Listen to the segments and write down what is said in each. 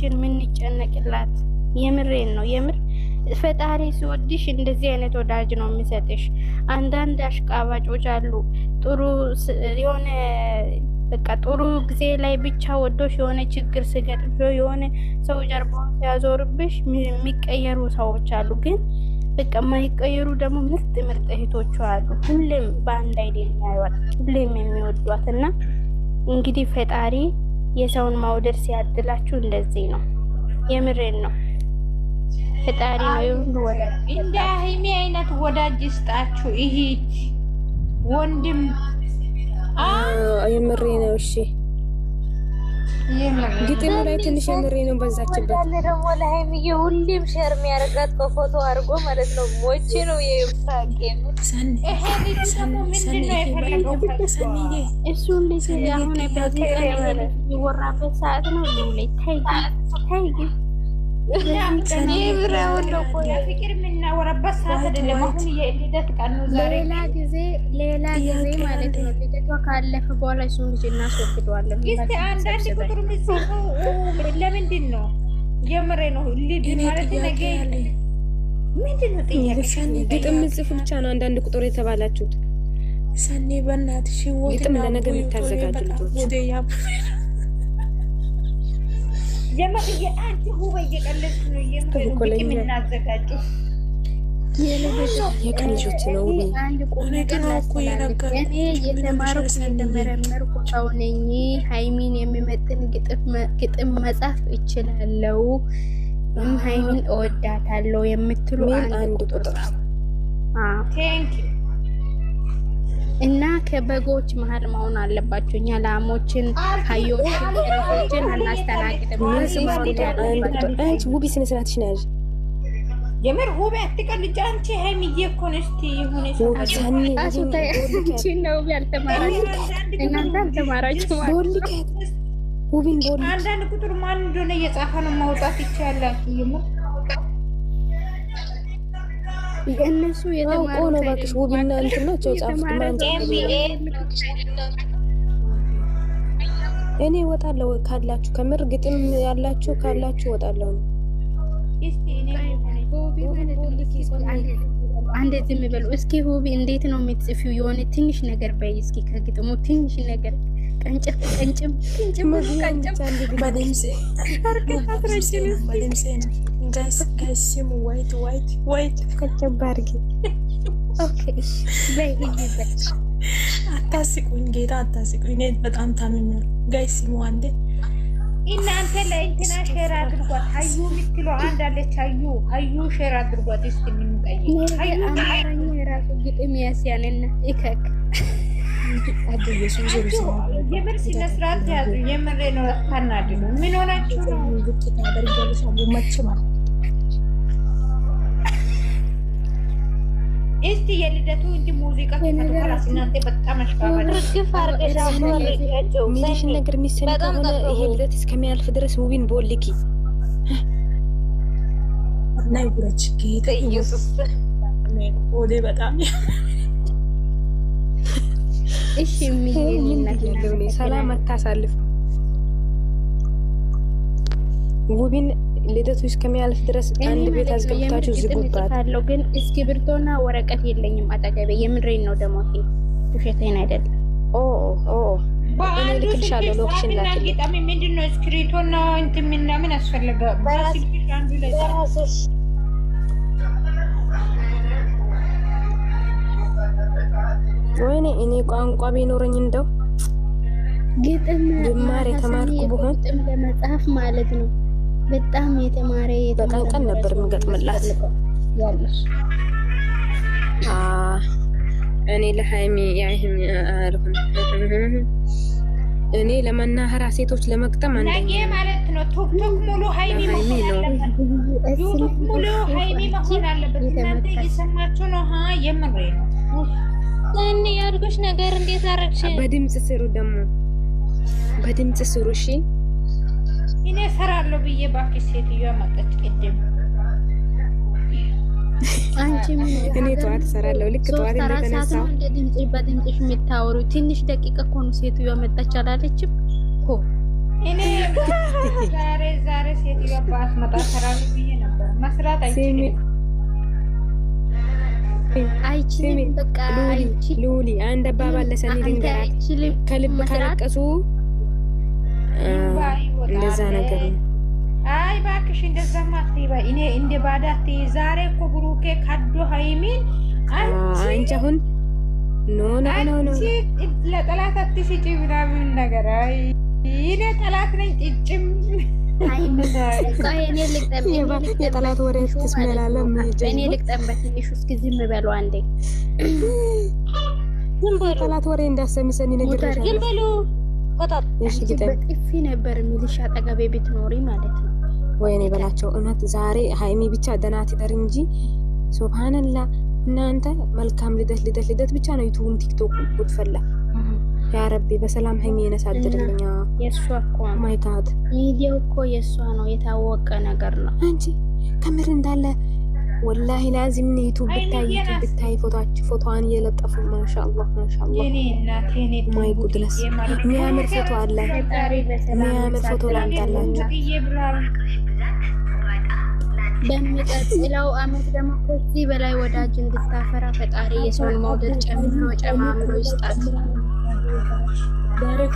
ለእህታችን ምንጨነቅላት የምሬን ነው የምር ፈጣሪ ሲወድሽ እንደዚህ አይነት ወዳጅ ነው የሚሰጥሽ። አንዳንድ አሽቃባጮች አሉ። ጥሩ የሆነ በቃ ጥሩ ጊዜ ላይ ብቻ ወዶሽ የሆነ ችግር ስገጥሽ የሆነ ሰው ጀርባውን ሲያዞርብሽ የሚቀየሩ ሰዎች አሉ። ግን በቃ የማይቀየሩ ደግሞ ምርጥ ምርጥ እህቶቹ አሉ። ሁሌም በአንድ አይደል የሚያዩዋት፣ ሁሌም የሚወዷት እና እንግዲህ ፈጣሪ የሰውን ማውደድ ሲያድላችሁ እንደዚህ ነው። የምሬን ነው። ፈጣሪ ነው ይሁን ወደ እንደ ሀይሚ አይነት ወዳጅ ይስጣችሁ። ይሄ ወንድም የምሬ ነው። እሺ ግጥሙ ላይ ትንሽ የምሬ ነው በዛችበት። ደግሞ ለሀይሚዬ ሁሌም ሸር የሚያደርጋት በፎቶ አድርጎ ማለት ነው። ሞቼ ነው የሳቄ ፍቅር የምናወራበት ሌላ ጊዜ ማለት ነው። ልደቷ ካለፈ በኋላ እሱን ልጅ እናስወግደዋለን። አንዳንድ ቁጥር የሚጽፉ ለምንድን ነው? ጀምሬ ነው ልድ ማለት ነገ ምንድን ነው ግጥም የምጽፉ ብቻ ነው አንዳንድ ቁጥር የተባላችሁት። ሰኔ በእናትሽ ግጥም ለነገ የምታዘጋጁ ልጆች የመቅዬ አንቺ ሁበ እየቀለድሽ ነው። የምር ብቅ የምናዘጋጀው የቀልጆች ነው። እኔ የተማርኩ የተመረመርኩ ሰው ነኝ። ሀይሚን የሚመጥን ግጥም መጻፍ እችላለሁ። ሀይሚን እወዳታለሁ የምትሉ አንድ ቁጥር ከበጎች መሀል መሆን አለባቸው። እኛ ላሞችን፣ ሀዮችን፣ ሮችን አናስተናግድም። አንቺ ውቢ ስነ ስርዓትሽ ነሽ። የምር አትቀልጅ አንቺ። ሀይሚዬ እኮ ነሽ አንዳንድ ቁጥር ማን እንደሆነ እየጻፈ ነው ማውጣት ይቻላል። እነሱ ነው። እባክሽ እኔ እወጣለሁ ካላችሁ ከምር ግጥም ያላችሁ ካላችሁ እወጣለሁ ነው። አንድ ዝም በሉ እስኪ ሁቢ እንዴት ነው የምትጽፊው? የሆነ ትንሽ ነገር በይ እስኪ ከግጥሙ ትንሽ ነገር ቀንጭም ቀንጭም ቀንጭም ቀንጭም ጋይስ ጋይስ ሲሙ ዋይት ዋይት ዋይት ከጨባ አታስቁኝ፣ ጌታ አታስቁኝ። እኔ በጣም ታምኛል። ጋይስ ሲሙ አንዴ እናንተ ለእንትና ሼር አድርጓት። ሀዩ የምትለው አንድ አለች። ሀዩ ሀዩ ሼር አድርጓት። እስኪ የምንቀይአማራኛ የራሱ ግጥም ያስያልና ይከክ የምር ስነ ስርዓት ያዙ። የምሬ ነው። ታናድሉ ምን ሆናችሁ ነው? እስቲ የልደቱ እንጂ ሙዚቃ ከራስ እናንተ በጣም አሽቃባለሽን ነገር የሚሰማ ይሄ ልደት እስከሚያልፍ ድረስ ውቢን ቦልኪ ናይጉረች ኢየሱስ በጣም እሺ ሰላም አታሳልፍ ውቢን ልደቱ እስከሚያልፍ ድረስ አንድ ቤት አስገብታችሁ ዝጉባት አለው። ግን እስክሪብቶና ወረቀት የለኝም አጠገቤ። የምንሬን ነው ደግሞ ውሸቴን አይደለም። ልክልሻለሁ፣ ሎኬሽን ላክልኝ። ምንድን ነው እስክሪብቶና እንትን ምናምን አስፈለገ ወይኔ እኔ ቋንቋ ቢኖረኝ እንደው ግጥም ግማር የተማርኩ ብሆን ግጥም ለመጽሐፍ ማለት ነው። በጣም የተማረ በቀን ቀን ነበር የምገጥምላት። እኔ ለሀይሚ እኔ ለመናኸራ ሴቶች ለመግጠም አንደኛ ማለት ነው። ቶክቶክ ሙሉ ሀይሚ ሙሉ ሀይሚ መሆን አለበት። እናንተ እየሰማችሁ ነው። ሀ የምሬ ነው። እኔ ያልኩሽ ነገር እንዴት አረግሽ? በድምፅ ስሩ ደግሞ በድምፅ ስሩ እሺ። እኔ እሰራለሁ ብዬ እባክሽ ሴትዮዋ መጣች ቅድም። አንቺ እኔ ጠዋት እሰራለሁ ልክ ጠዋት እንደተነሳሁ ድምጽ በድምጽሽ የምታወሩ ትንሽ ደቂቃ እኮ ነው ሴትዮዋ መጣች አላለችም እኮ እኔ ዛሬ ዛሬ ሴትዮዋ ባትመጣ እሰራለሁ ብዬ ነበር። መስራት አይችልም አይችልም። በቃ ሉሊ አንድ አባባል ለሰኒ ድንገራት ከልብ ካለቀሱ እንደዛ ነገር ነው። አይ እባክሽ እንደዛማ አትይባይ። እኔ እንደ ባዳ አትይ። ዛሬ እኮ ብሩኬ ካዶ ሀይሚን አንቺ አሁን ኖ ኖ ኖ ኖ ለጠላት አትስጪ ምናምን ነገር አይ እኔ ጠላት ነኝ ጭጭም የጠላት ወሬ ትስመላለ እኔ ልቅጠን በትንሹ እስኪ ዝም በሉ አንዴ የጠላት ወሬ እንዳሰሚሰኒ ነገር ዝም በሉ በጣም በጥፊ ነበር የሚልሽ አጠገቤ ብትኖሪ ማለት ነው። ወይኔ በላቸው እውነት ዛሬ ሀይሚ ብቻ ደህና ትደር እንጂ ሱብሃነላ እናንተ መልካም ልደት ልደት ልደት ብቻ ነው ዩቱቡም ቲክቶክ ጉድፈላ ያ ረቢ በሰላም ሀይሚ የነሳድርልኛ የእሷ እኮ ማይታት ይህ እኮ የእሷ ነው የታወቀ ነገር ነው እንጂ ከምር እንዳለ ወላሂ ላዚም ዩቱብ ብታይ ብታይ ፎቶዋን እየለጠፉ ማሻአላ ማሻአላ ማይ ጉድነስ የሚያምር ፎቶ አለ። የሚያምር ፎቶ ላምጣላችሁ። በሚቀጥለው አመት ደግሞ ከዚህ በላይ ወዳጅ እንድታፈራ ፈጣሪ የሰውን መውደድ ጨምሮ ጨማምሮ ይስጣት። ደረቅ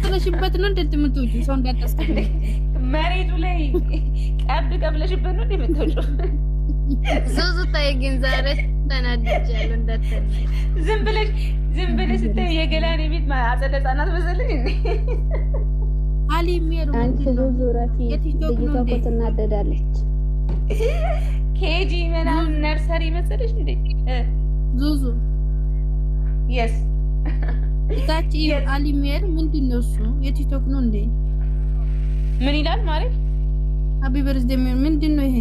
ቀብጥለሽበት ነው እንዴት የምትወጪው? ሰው እንዳጠስ መሬቱ ላይ ቀብ ቀብለሽበት ነው እንዴ የምትወጪው? ዙዙ ታይ ግን ዛሬ ተናድጃለሁ እንዳትነኝ። ዝም ብለሽ ዝም ብለሽ ስታይ የገላኔ ቤት አጸደ ህጻናት መሰለኝ እንዴ አሊ ሜሩ ዙዙ ረፊ ልጅቷ እኮ ትናደዳለች። ኬጂ ምናምን ነርሰሪ መሰለሽ እንዴ ዙዙ የስ እታች አሊሚየር ምንድን ነው እሱ? የቲክቶክ ነው እንዴ? ምን ይላል ማለት ሃፒ በርዝዴ ምንድን ነው ይሄ?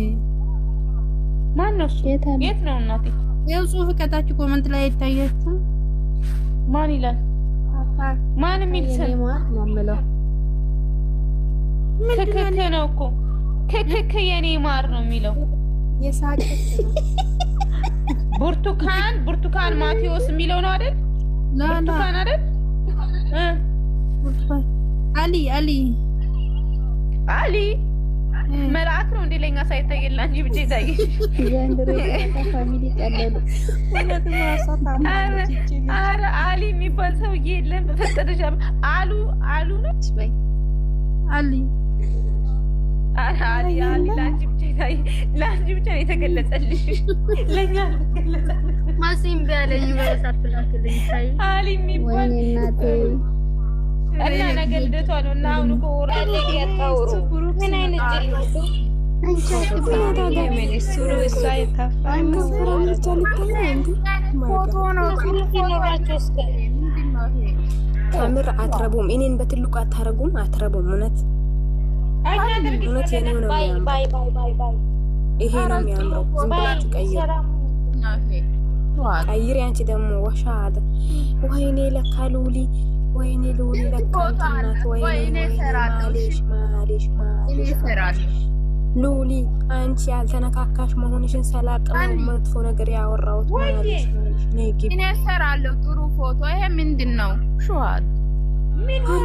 ማን ነው እሱ? የት ነው እናቴ? ይኸው ጽሁፍ ከታች ኮመንት ላይ ይታያችሁ። ማን ይላል? ማን የሚል ስም ክክክ ነው እኮ ክክክ የኔ ማር ነው የሚለው የሳቅ ብርቱካን ብርቱካን ማቴዎስ የሚለው ነው አይደል? አሊ አሊ አሊ መልአክ ነው እንዴ? ለኛ ሳይታየላ እንጂ ብቻ ይታየ። ኧረ አሊ የሚባል ሰውዬ የለም። በፈጠረሻ አሉ አሉ አሊ ለአንቺ ብቻ ነው የተገለጸልሽ፣ ለእኛ ማሲ እምቢ አለኝ። አሊ የሚባል እና ነገ ልደቷ ነው እና አሁን እኮ ምን አይነት ከምር አትረቡም። እኔን በትልቁ አታረጉም፣ አትረቡም እውነት እውነት የኔው ይሄ ነው የሚያምረው። ዝም ብላችሁ ቀይሪ። አንቺ ደግሞ ወሻ ወይኔ ለካ ሉሊ፣ ወይኔ ሉሊ ሉሊ አንቺ ያልተነካካሽ መሆንሽን ሰላቅ መጥፎ ነገር ያወራሁት ጥሩ ፎቶ ይሄ ምንድን ነው?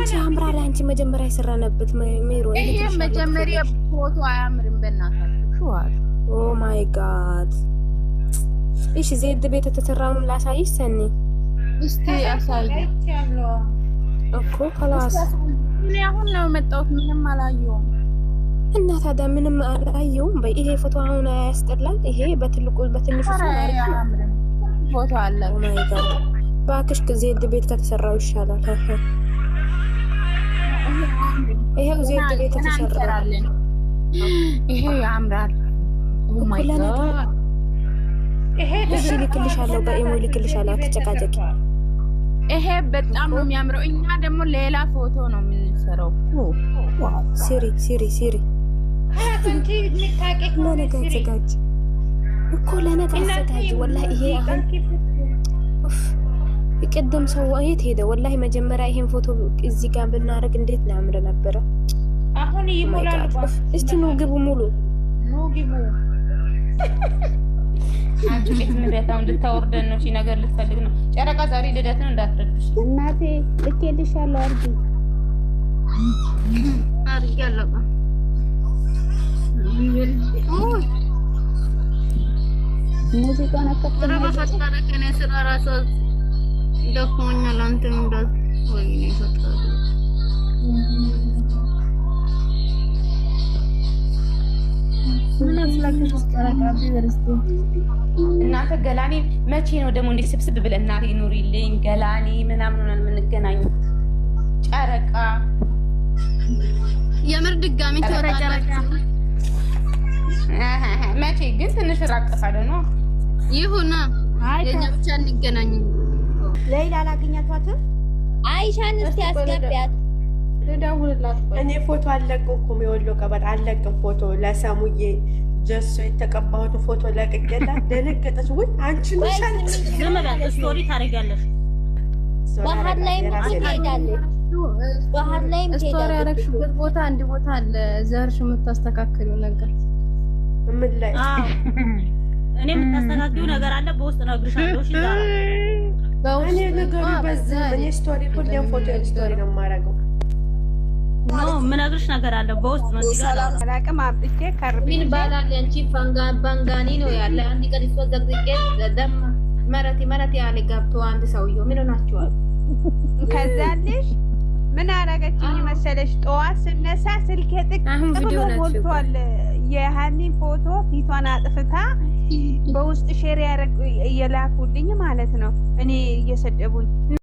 አንቺ አምራል አንቺ መጀመሪያ የሰራነበት ሜሮ ይሄ መጀመሪያ ፎቶ አያምርም። በእናታችሁ ኦ ማይ ጋድ! እሺ ዜድ ቤት የተሰራውን ላሳይሽ ሰኒ። እስቲ አሳይ እኮ ከላስ ምን አሁን ነው የመጣሁት። ምንም አላየሁም። እና ታዲያ ምንም አላየሁም። በይ ይሄ ፎቶ አሁን ያስጠላል። ይሄ በትልቁ በትንሹ ፎቶ አለ። ማይ ጋድ። እባክሽ ዜድ ቤት ከተሰራው ይሻላል። ይሄው ዜድ ቤት ተሰራለን። ይሄ ያምራል። ኦ ማይ ጋድ ይሄ ልክልሻለሁ፣ በኢሞ ልክልሻለሁ። አትጨቃጨቂ። ይሄ በጣም ነው የሚያምረው። እኛ ደግሞ ሌላ ፎቶ ነው የምንሰራው። ሲሪ ሲሪ ሲሪ ለነገ አዘጋጅ እኮ ለነገ አዘጋጅ። ወላሂ ይሄ አሁን ቅድም ሰው የት ሄደ? ወላሂ መጀመሪያ ይሄን ፎቶ እዚህ ጋር ብናደርግ እንዴት ሊያምር ነበረ። አሁን ይሞላል። እስቲ ኑ ግቡ፣ ሙሉ ኑ ግቡ። አንቺ ቤት ልደታው እንድታወርደን ነው ነገር ልትፈልግ ነው። ጨረቃ ዛሬ ልደት ነው እንዳትረዱሽ። እናቴ ልኬልሻለሁ። አርጊ አርጊ አለቃ ሙዚቃ ነከተረ በፈጠረ ስራ ራሱ ደክሞኛል። አንተ ምንዳት ወይ ነው ፈጣሪ እናተ ገላኔ መቼ ነው ደግሞ እንዴት ስብስብ ብለህ እናቴ ኑሪልኝ ገላኔ ምናምን ሆነን የምንገናኘው? ጨረቃ የምር ድጋሚ ትወጣላችሁ መቼ ግን? ትንሽ ራቅ ነው ይሁና የእኛ ብቻ እንገናኝ ለይላ አላገኛቷትም። አይሻን እስቲ አስገቢያት። ልደውልላት። እኔ ፎቶ አልለቅም እኮ የወሎ ቀበል አልለቅም ፎቶ ለሰሙዬ ጀሶ የተቀባሁትን ፎቶ ለቅቄላት ደነገጠች። ወይ አንቺ ስቶሪ ታደርጊያለሽ። ባህር ላይም ትሄዳለች። ባህር ላይም ስቶሪ ያደረግሽበት ቦታ አንድ ቦታ አለ። ዘርሽ የምታስተካክለው ነገር ምን ላይ እኔ የምታስተካክለው ነገር አለ። በውስጥ እነግርሻለሁ። እኔ ነገሩ በዚህ እኔ ስቶሪ ሁሌም ፎቶ ስቶሪ ነው የማደርገው። ምነግርሽ ነገር አለ። በውስጥ መላቅም አብቼ ከርሚን ባላለ አንቺ ባንጋኒ ነው ያለ አንድ ቀን ሶ ዘግዝቄ ደም መረቴ መረቴ ያለ ገብቶ አንድ ሰውዬው ምን ሆናችኋል? ከዛልሽ ምን አረገችኝ መሰለሽ? ጠዋት ስነሳ ስልኬ ጥቅም ሞልቷል። የሀኒን ፎቶ ፊቷን አጥፍታ በውስጥ ሼር ያደረግ እየላኩልኝ ማለት ነው እኔ እየሰደቡኝ